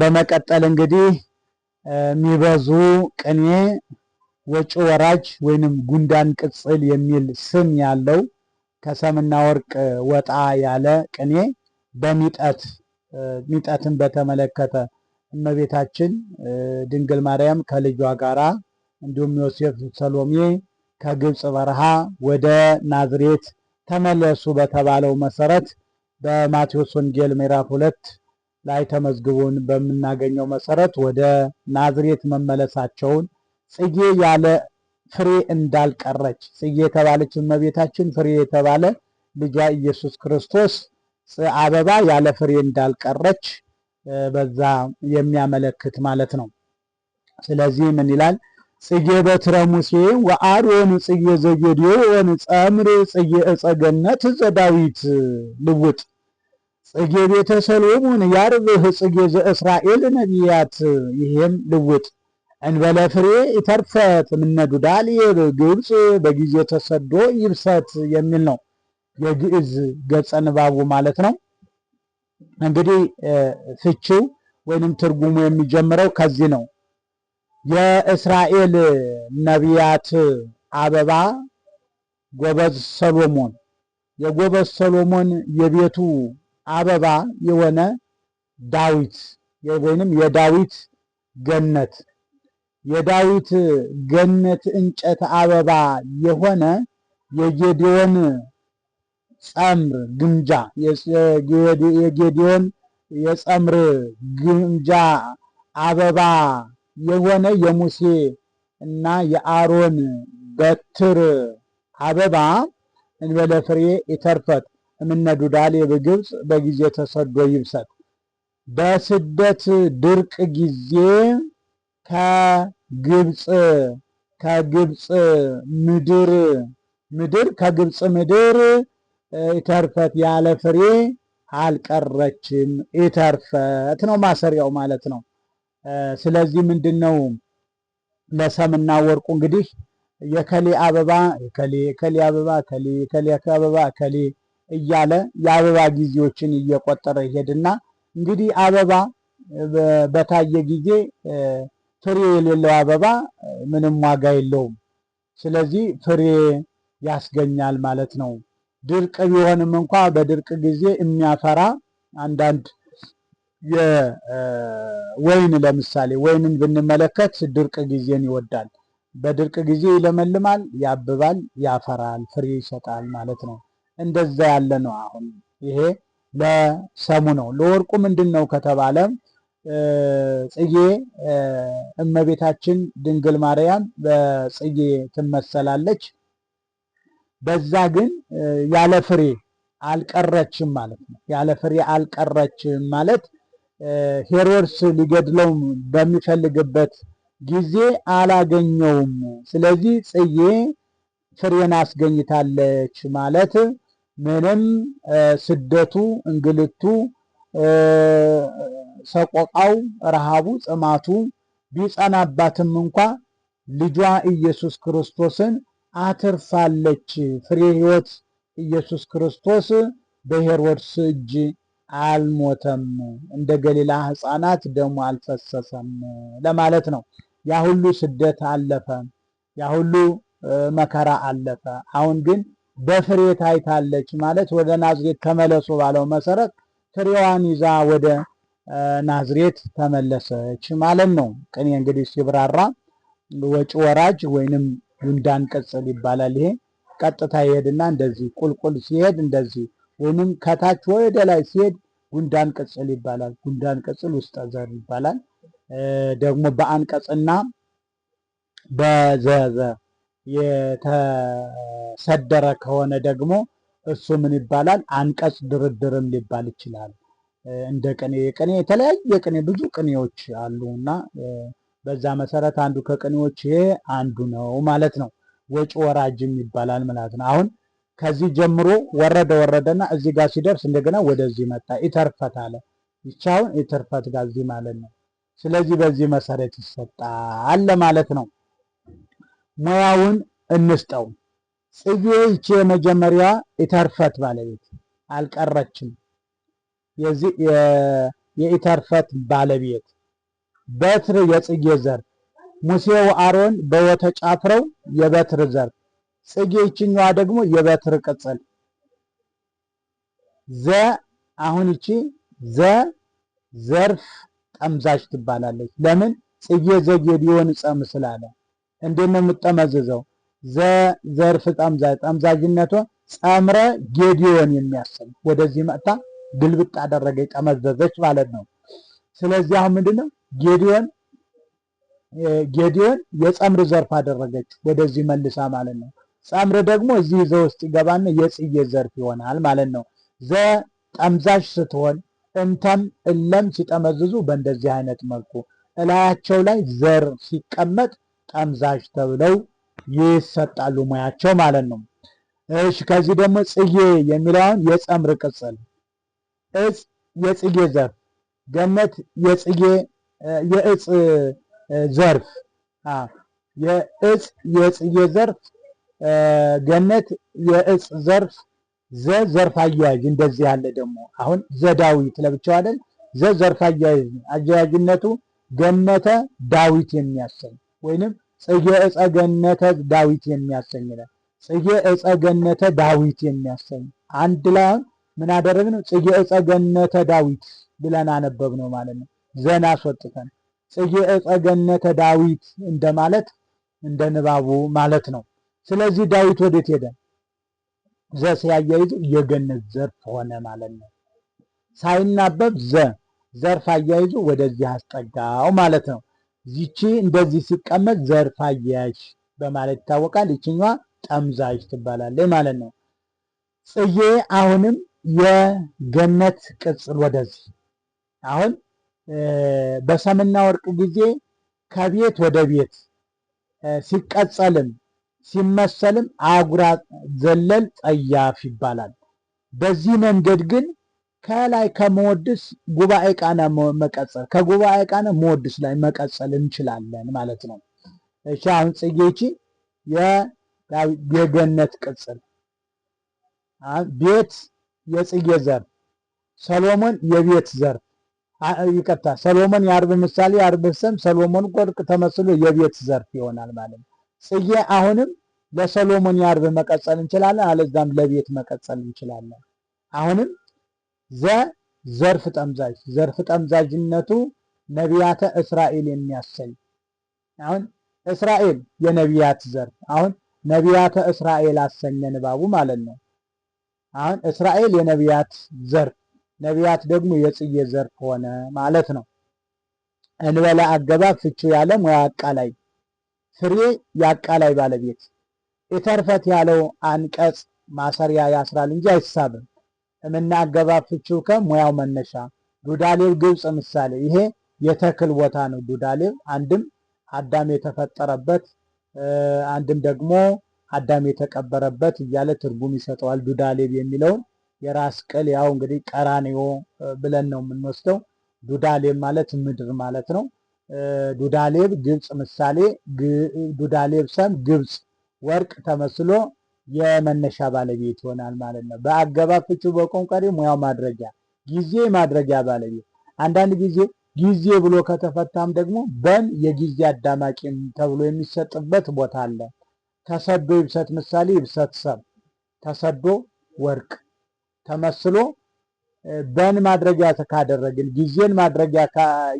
በመቀጠል እንግዲህ የሚበዙ ቅኔ ወጪ ወራጅ ወይንም ጉንዳን ቅጽል የሚል ስም ያለው ከሰምና ወርቅ ወጣ ያለ ቅኔ በሚጠት ሚጠትን በተመለከተ እመቤታችን ድንግል ማርያም ከልጇ ጋራ እንዲሁም ዮሴፍ ሰሎሜ ከግብፅ በረሃ ወደ ናዝሬት ተመለሱ በተባለው መሰረት በማቴዎስ ወንጌል ምዕራፍ ሁለት ላይ ተመዝግቡን በምናገኘው መሰረት ወደ ናዝሬት መመለሳቸውን ጽጌ ያለ ፍሬ እንዳልቀረች ጽጌ የተባለች እመቤታችን ፍሬ የተባለ ልጇ ኢየሱስ ክርስቶስ አበባ ያለ ፍሬ እንዳልቀረች በዛ የሚያመለክት ማለት ነው። ስለዚህ ምን ይላል? ጽጌ በትረ ሙሴ ወአሮን ጽጌ ዘጌዴዎን ጸምር ጽጌ እጸገነት ዘዳዊት ልውጥ ጽጌ ቤተ ሰሎሞን ያርብህ ጽጌ ዘእስራኤል ነቢያት ይሄም ልውጥ እንበለ ፍሬ ይተርፈት ምነዱዳል ግብፅ በጊዜ ተሰዶ ይብሰት የሚል ነው የግዕዝ ገጸ ንባቡ ማለት ነው። እንግዲህ ፍቺው ወይንም ትርጉሙ የሚጀምረው ከዚህ ነው። የእስራኤል ነቢያት አበባ ጎበዝ ሰሎሞን የጎበዝ ሰሎሞን የቤቱ አበባ የሆነ ዳዊት ወይንም የዳዊት ገነት የዳዊት ገነት እንጨት አበባ የሆነ የጌዲዮን ጸምር ግምጃ የጌዲዮን የጸምር ግምጃ አበባ የሆነ የሙሴ እና የአሮን በትር አበባ እንበለ ፍሬ ይተርፈት እምነዱዳሌ በግብፅ በጊዜ ተሰዶ ይብሰት በስደት ድርቅ ጊዜ ከግብፅ ከግብፅ ምድር ምድር ከግብፅ ምድር ኢተርፈት ያለ ፍሬ አልቀረችም። ኢተርፈት ነው ማሰሪያው ማለት ነው። ስለዚህ ምንድን ነው ለሰምና ወርቁ እንግዲህ የከሌ አበባ ከሌ ከሌ አበባ ከሌ ከሌ አበባ ከሌ እያለ የአበባ ጊዜዎችን እየቆጠረ ይሄድና እንግዲህ አበባ በታየ ጊዜ ፍሬ የሌለው አበባ ምንም ዋጋ የለውም። ስለዚህ ፍሬ ያስገኛል ማለት ነው። ድርቅ ቢሆንም እንኳ በድርቅ ጊዜ የሚያፈራ አንዳንድ ወይን ለምሳሌ ወይንን ብንመለከት ድርቅ ጊዜን ይወዳል። በድርቅ ጊዜ ይለመልማል፣ ያብባል፣ ያፈራል፣ ፍሬ ይሰጣል ማለት ነው። እንደዛ ያለ ነው። አሁን ይሄ ለሰሙ ነው። ለወርቁ ምንድን ነው ከተባለ ጽጌ እመቤታችን ድንግል ማርያም በጽጌ ትመሰላለች። በዛ ግን ያለ ፍሬ አልቀረችም ማለት ነው። ያለ ፍሬ አልቀረችም ማለት ሄሮድስ ሊገድለው በሚፈልግበት ጊዜ አላገኘውም። ስለዚህ ጽጌ ፍሬን አስገኝታለች ማለት ምንም ስደቱ፣ እንግልቱ፣ ሰቆቃው፣ ረሃቡ፣ ጽማቱ ቢጸናባትም እንኳ ልጇ ኢየሱስ ክርስቶስን አትርፋለች። ፍሬ ሕይወት ኢየሱስ ክርስቶስ በሄሮድስ እጅ አልሞተም፣ እንደ ገሊላ ሕፃናት ደሙ አልፈሰሰም ለማለት ነው። ያ ሁሉ ስደት አለፈ፣ ያ ሁሉ መከራ አለፈ። አሁን ግን በፍሬ ታይታለች ማለት ወደ ናዝሬት ተመለሱ ባለው መሰረት ፍሬዋን ይዛ ወደ ናዝሬት ተመለሰች ማለት ነው። ቅኔ እንግዲህ ሲብራራ ወጭ ወራጅ ወይንም ጉንዳን ቅጽል ይባላል። ይሄ ቀጥታ ይሄድና እንደዚህ ቁልቁል ሲሄድ እንደዚህ ወይንም ከታች ወደ ላይ ሲሄድ ጉንዳን ቅጽል ይባላል። ጉንዳን ቅጽል ውስጠ ዘር ይባላል። ደግሞ በአንቀጽና በዘዘ የተሰደረ ከሆነ ደግሞ እሱ ምን ይባላል? አንቀጽ ድርድርም ሊባል ይችላል። እንደ ቅኔ ቅኔ የተለያየ ቅኔ ብዙ ቅኔዎች አሉ እና በዛ መሰረት አንዱ ከቅኔዎች ይሄ አንዱ ነው ማለት ነው። ወጪ ወራጅም ይባላል ማለት ነው። አሁን ከዚህ ጀምሮ ወረደ ወረደና እዚህ ጋር ሲደርስ እንደገና ወደዚህ መጣ ይተርፈት አለ። ይቻውን ይተርፈት ጋር እዚህ ማለት ነው። ስለዚህ በዚህ መሰረት ይሰጣል ለማለት ነው። ሙያውን እንስጠው። ጽጌ ይቺ የመጀመሪያ ኢተርፈት ባለቤት አልቀረችም። የኢተርፈት ባለቤት በትር የጽጌ ዘር ሙሴ ወአሮን በወተጫፍረው የበትር ዘር ጽጌ ይችኛዋ ደግሞ የበትር ቅጽል ዘ አሁን ይቺ ዘ ዘርፍ ጠምዛች ትባላለች። ለምን ጽጌ ዘጌ ቢሆን ጸም ስላለ እንዴት ነው የምጠመዝዘው? ዘ ዘርፍ ጠምዛ ጠምዛዥነቷ ጸምረ ጌዲዮን የሚያስብ ወደዚህ መጥታ ግልብጥ አደረገ ጠመዘዘች ማለት ነው። ስለዚህ አሁን ምንድን ነው ጌዲዮን ጌዲዮን የጸምር ዘርፍ አደረገች ወደዚህ መልሳ ማለት ነው። ጸምር ደግሞ እዚህ ዘ ውስጥ ይገባና የጽዬ ዘርፍ ይሆናል ማለት ነው። ዘ ጠምዛሽ ስትሆን እንተም እለም ሲጠመዝዙ በእንደዚህ አይነት መልኩ እላያቸው ላይ ዘር ሲቀመጥ ጠምዛዥ ተብለው ይሰጣሉ ሙያቸው ማለት ነው። እሺ ከዚህ ደግሞ ጽጌ የሚለውን የጸምር ቅጽል እጽ የጽጌ ዘርፍ ገነት የጽጌ የእጽ ዘርፍ የእጽ የጽጌ ዘርፍ ገነት የእጽ ዘርፍ ዘ ዘርፍ አያያዥ እንደዚህ ያለ ደግሞ አሁን ዘዳዊት ለብቻው አይደል ዘ ዘርፍ አያያዥ አያያዥነቱ ገነተ ዳዊት የሚያሰኝ ወይንም ጽጌ ዕፀ ገነተ ዳዊት የሚያሰኝ ነው። ጽጌ ዕፀ ገነተ ዳዊት የሚያሰኝ አንድ ላይ ምን አደረግነው? ጽጌ ዕፀ ገነተ ዳዊት ብለን አነበብ ነው ማለት ነው። ዘና አስወጥተን ጽጌ ዕፀ ገነተ ዳዊት እንደማለት እንደ ንባቡ ማለት ነው። ስለዚህ ዳዊት ወዴት ሄደ? ዘ ሲያያይዝ የገነት ዘርፍ ሆነ ማለት ነው። ሳይናበብ ዘ ዘርፍ አያይዞ ወደዚህ አስጠጋው ማለት ነው። ይቺ እንደዚህ ሲቀመጥ ዘርፋያሽ በማለት ይታወቃል። ይችኛዋ ጠምዛዥ ትባላለች ማለት ነው። ጽዬ አሁንም የገነት ቅጽል ወደዚህ አሁን በሰምና ወርቅ ጊዜ ከቤት ወደ ቤት ሲቀጸልም ሲመሰልም አጉራ ዘለል ጸያፍ ይባላል። በዚህ መንገድ ግን ከላይ ከመወድስ ጉባኤ ቃና መቀጸል ከጉባኤ ቃና መወድስ ላይ መቀጸል እንችላለን ማለት ነው። እሺ አሁን ጽጌቺ የገነት ቅጽል ቤት የጽጌ ዘር ሰሎሞን የቤት ዘር ይቀጣ ሰሎሞን የአርብ ምሳሌ የአርብ ስም ሰሎሞን ወርቅ ተመስሎ የቤት ዘርፍ ይሆናል ማለት ነው። ጽጌ አሁንም ለሰሎሞን የአርብ መቀጸል እንችላለን፣ አለዛም ለቤት መቀጸል እንችላለን አሁንም ዘ ዘርፍ ጠምዛዥ ዘርፍ ጠምዛዥነቱ ነቢያተ እስራኤል የሚያሰኝ አሁን እስራኤል የነቢያት ዘርፍ አሁን ነቢያተ እስራኤል አሰኘ ንባቡ ማለት ነው። አሁን እስራኤል የነቢያት ዘርፍ ነቢያት ደግሞ የጽዬ ዘርፍ ሆነ ማለት ነው። እንበለ አገባብ ፍቺ ያለ ሙያ አቃላይ ፍሬ የአቃላይ ባለቤት ኢተርፈት ያለው አንቀጽ ማሰሪያ ያስራል እንጂ አይሳብም። የምናገባፍችው ከሙያው መነሻ ዱዳሌብ ግብፅ ምሳሌ ይሄ የተክል ቦታ ነው። ዱዳሌብ አንድም አዳም የተፈጠረበት አንድም ደግሞ አዳም የተቀበረበት እያለ ትርጉም ይሰጠዋል። ዱዳሌብ የሚለውን የራስ ቅል ያው እንግዲህ ቀራንዮ ብለን ነው የምንወስደው። ዱዳሌብ ማለት ምድር ማለት ነው። ዱዳሌብ ግብፅ ምሳሌ ዱዳሌብ ሰም ግብፅ ወርቅ ተመስሎ የመነሻ ባለቤት ይሆናል ማለት ነው። በአገባብ ፍቺው በቆንቋዴ ሙያው ማድረጊያ፣ ጊዜ ማድረጊያ ባለቤት። አንዳንድ ጊዜ ጊዜ ብሎ ከተፈታም ደግሞ በን የጊዜ አዳማቂ ተብሎ የሚሰጥበት ቦታ አለ። ተሰዶ ይብሰት ምሳሌ ይብሰት ሰብ ተሰዶ ወርቅ ተመስሎ በን ማድረጊያ ካደረግን ጊዜን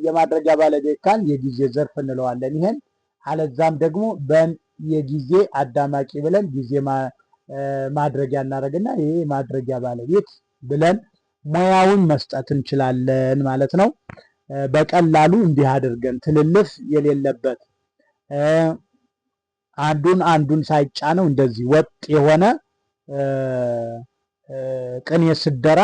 የማድረጊያ ባለቤት ካል የጊዜ ዘርፍ እንለዋለን። ይሄን አለዛም ደግሞ በን የጊዜ አዳማቂ ብለን ጊዜ ማድረጊያ እናደርግና ይሄ ማድረጊያ ባለቤት ብለን ሙያውን መስጠት እንችላለን ማለት ነው። በቀላሉ እንዲህ አድርገን ትልልፍ የሌለበት አንዱን አንዱን ሳይጫነው እንደዚህ ወጥ የሆነ ቅኔ ስደራ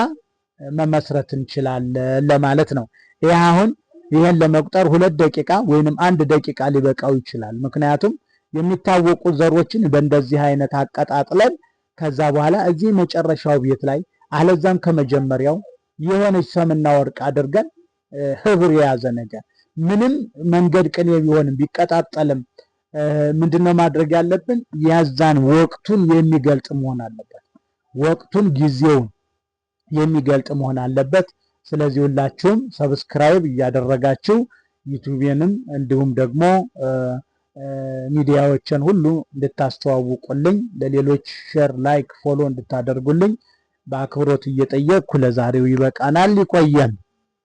መመስረት እንችላለን ለማለት ነው። ይህ አሁን ይህን ለመቁጠር ሁለት ደቂቃ ወይንም አንድ ደቂቃ ሊበቃው ይችላል። ምክንያቱም የሚታወቁ ዘሮችን በእንደዚህ አይነት አቀጣጥለን ከዛ በኋላ እዚህ መጨረሻው ቤት ላይ አለዛም ከመጀመሪያው የሆነች ሰምና ወርቅ አድርገን ህብር የያዘ ነገር ምንም መንገድ ቅኔ ቢሆንም ቢቀጣጠልም ምንድነው ማድረግ ያለብን? ያዛን ወቅቱን የሚገልጥ መሆን አለበት። ወቅቱን ጊዜውን የሚገልጥ መሆን አለበት። ስለዚህ ሁላችሁም ሰብስክራይብ እያደረጋችሁ ዩቱቤንም እንዲሁም ደግሞ ሚዲያዎችን ሁሉ እንድታስተዋውቁልኝ ለሌሎች ሼር፣ ላይክ፣ ፎሎ እንድታደርጉልኝ በአክብሮት እየጠየቅኩ ለዛሬው ይበቃናል። ይቆየን።